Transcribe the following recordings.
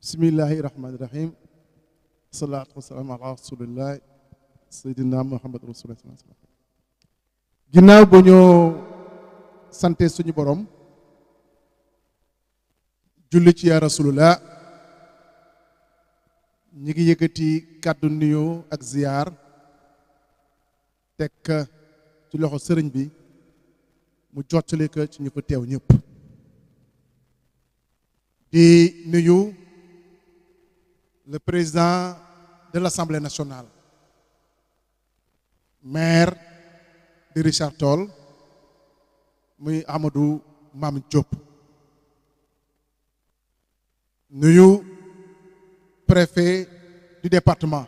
bismillahi rahmaani rahim salaatu wasalaam ala rasulillah seydina muhammad rasulillah ginnaaw boo ñoo sante suñu borom julli ci yaa rasulullah ñi ngi yëkkati kàddu nuyoo ak ziyaar teg ci loxo sëriñ bi mu jottali ko ci ñu fa teew ñëpp di nuyu le président de l'Assemblée nationale, maire de Richard Toll, Amadou Mam Diop préfet du département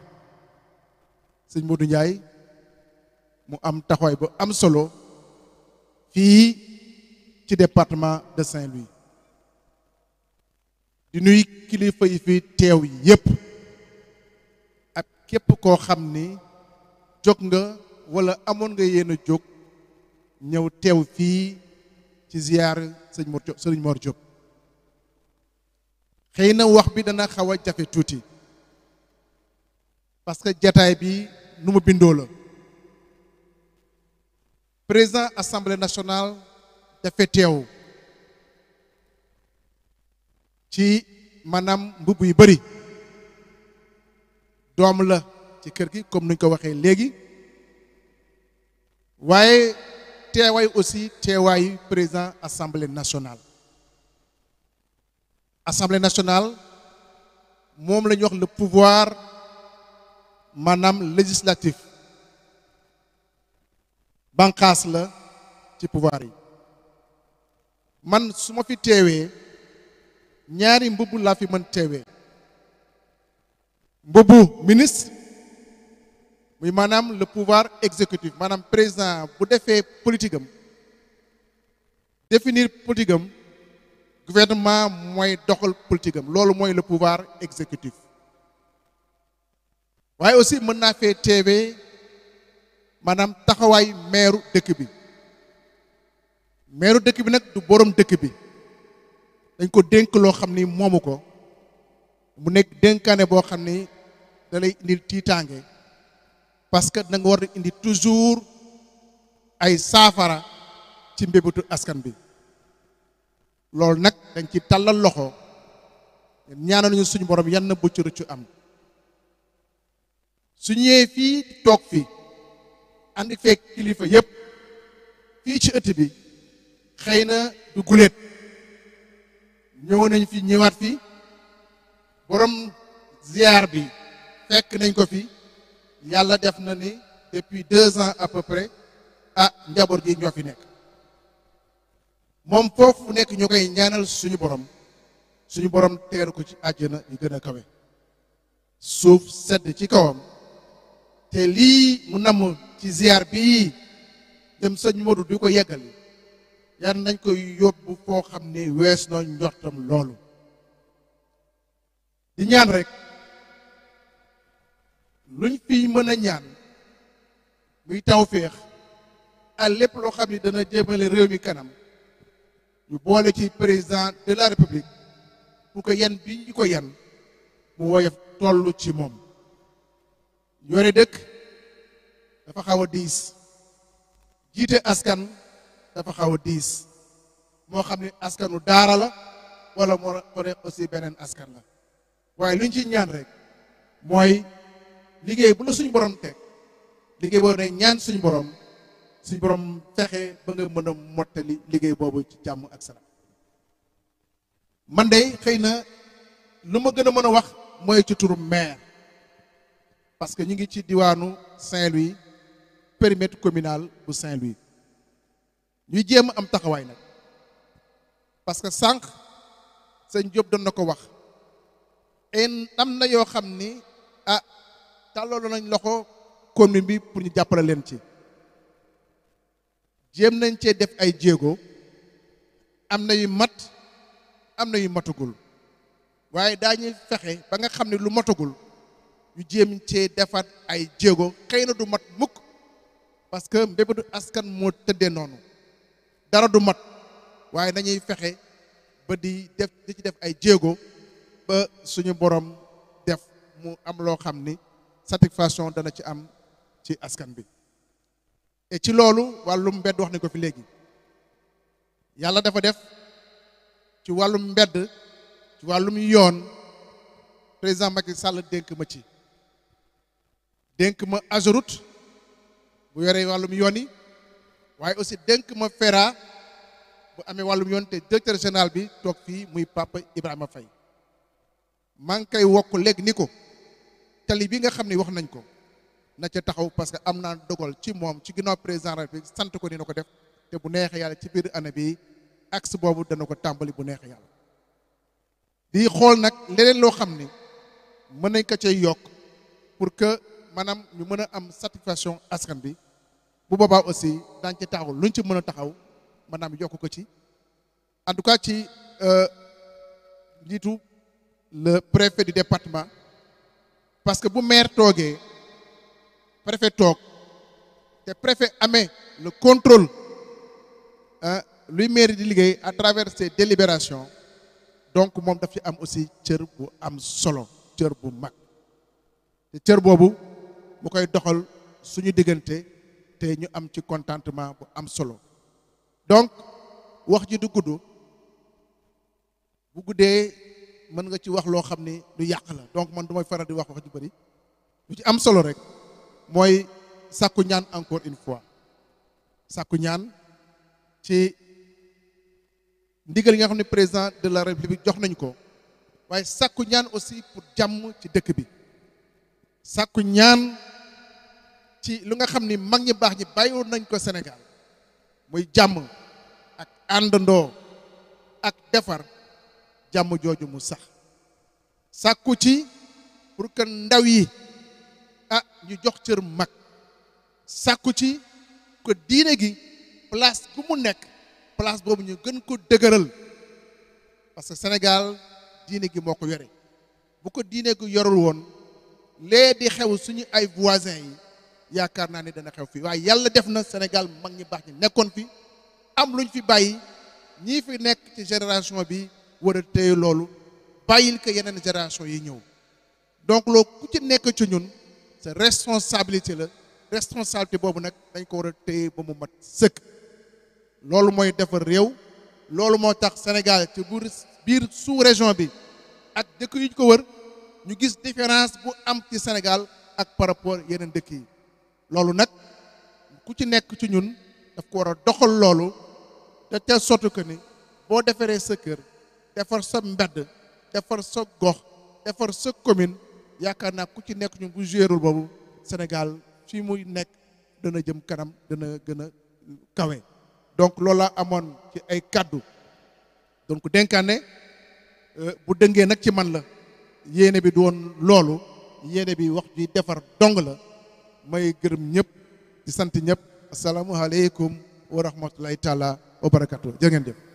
C'est Moudou Ndiaye mu am am solo département de Saint-Louis di nuy kilifa yi fi teew yépp ak képp koo xam ni jóg nga wala amoon nga yéen a jóg ñëw teew fii ci ziar sëñ Mor sëñ Mor Diop xëy na wax bi dana xaw a jafe tuuti parce que jataay bi nu mu bindoo la président assemblée nationale dafa teew ci maanaam mbubb yu bëri doom la ci kër gi comme nuñ ko waxee léegi waaye teewaay aussi teewaayu président assemblée nationale assemblée nationale moom la ñuy wax le pouvoir maanaam législatif banqaas la ci pouvoir yi man su ma fi teewee ñaari mbubb la fi mën teewee mbubbu ministre muy manam le pouvoir exécutif manam président bu defee politigam définir politigam gouvernement mooy doxal politigam am loolu mooy le pouvoir exécutif waaye aussi mën naa fee teewee maanaam taxawaay meeru dëkk bi maire dëkk bi nag du borom dëkk bi dañ ko dénk loo xam ni moomu ko mu nekk dénkaane boo xam ni da indi indil tiitaange parce que da nga war di indi toujours ay saafara ci mbébétu askan bi loolu nag dañ ci tàllal loxo ñaanal ñu suñu borom yan na bu ci rëccu am su fii toog fii ànd feek kilifa yépp fii ci ëtt bi xëy na du guléet ñëw nañ fi ñëwaat fi borom ziar bi fekk nañ ko fi yàlla def na ni depuis deux ans à peu près ah njaboot gi ñoo fi nekk moom foofu nekk ñu koy ñaanal suñu borom suñu borom tegal ko ci àjjana yu gën a kawe suuf sedd ci kawam te lii mu namm ci ziar bii dem sëñ Modou du ko yeggal yar nañ ko yóbbu foo xam ne wees na njortam loolu di ñaan rek luñ fiy mën a ñaan muy tawféex ak lépp loo xam ne dana jéemale réew mi kanam ñu boole ci président de la république pour que yan bi ñu ko yan mu woyof toll ci moom yore dëkk dafa xaw a diis jiite askan dafa xaw diis mo xamni askanu daara la wala mo ko ne aussi benen askan la waaye luñ ci ñaan rek moy liggey bu lu suñu borom tek liggey bo ne ñaan suñu borom suñu borom fexe ba nga mëna motali liggey bobu ci jamm ak salam man day xeyna lu ma wax moy ci turu maire parce que ñu ngi ci diwanu Saint-Louis périmètre communal bu Saint-Louis yu jéem am taxawaay nag parce que sànq sëñ Diop doon na ko wax am na yoo xam ni a ah, tàlloolu nañ loxo commune bi pour ñu jàppale leen ci jéem nañ cee def ay jéego am na yu mat am na yu matagul waaye daañuy fexe ba nga xam ne lu matagul yu jéem cee defat ay jéego xëy na du mat mukk parce que mbébétu askan moo tëddee noonu dara du mat waaye nañuy fexe ba di def di ci def ay jéego ba suñu boroom def mu am loo xam ni satisfaction dana ci am ci askan bi et ci loolu wàllum mbedd wax nañ ko fi léegi yàlla dafa def ci wàllum mbedd ci wàllum yoon président Macky sàll dénk ma ci dénk ma Ageroute bu yore wàllum yoon yi waaye aussi dénk ma fera bu amee wàllum yoon te directeur général bi toog fii muy Papa Ibrahima Faye maa ngi koy wokk léegi ni ko tali bi nga xam ne wax nañ ko na ca taxaw parce que am naa dogal ci moom ci ginnaaw président bi sant ko ni na ko def te bu neexee yàlla ci biir année bi axe boobu dana ko tàmbali bu neexee yàlla di xool nag leneen loo xam ni mën nañ ko cay yokk pour que maanaam ñu mën a am satisfaction askan bi bu boobaa aussi daañu ci taxaw luñ ci mën a taxaw manam yokk ko ci en tout cas ci euh, njiitu le préfet du département parce que bu maire togué préfet tok té préfet amé le contrôle ah luy maire di liggéey à travers ses délibérations donc mom daf ci am aussi cër bu am solo cër bu mag té cër bobu mu koy doxal suñu diggante te ñu am ci contentement bu am solo donc wax ji du gudd bu guddee mën nga ci wax loo xam ni lu yàq la donc mën du may faral di wax wax ju bëri lu ci am solo rek mooy sàkku ñaan encore une fois sàkku ñaan ci ndigal yi nga xam ne président de la république jox nañ ko waaye sàkku ñaan aussi pour jàmm ci dëkk bi sàkku ñaan ci lu nga xam ni mag ñi baax ñi woon nañ ko Sénégal muy jàmm ak àndandoo ak defar jàmm jooju mu sax sàkku ci pour que ndaw yi ah ñu jox cër mag sàkku ci que diine gi place bu mu nekk place boobu ñu gën ko dëgëral parce que Sénégal diine gi moo ko yore bu ko diine gi yorul woon lee di xew suñu ay voisins yi yaakaar naa ne dana xew fii waaye def na Sénégal mag ñi baax ñi fi am luñ fi bàyyi ñii fi nekk ci génération bi yi donc ce ku ci nekk ci ñun responsabilité la responsabilité boobu nag dañ ko war a ba mu mat sëkk Sénégal ci biir sous région bi ak dëkk ko wër ñu différence bu am Sénégal ak par rapport yeneen dëkk yi loolu nag ku ci nekk ci ñun daf ko war a doxal loolu te teel sotti ko ni boo defaree sa kër defar sa mbedd defar sa gox defar sa commune yaakaar naa ku ci nekk ñun bu géerul boobu Sénégal fii muy nekk dana jëm kanam dana gën a kawe donc loola amoon ci ay kàddu donc dénkaane euh, bu dëngee nag ci man la yéene bi du loolu yéene bi wax ji defar dong la may gërëm ñëpp di sant ñëpp asalaamualeykum wa rahmatulahi taala wa barakatu jërë ngeen jëf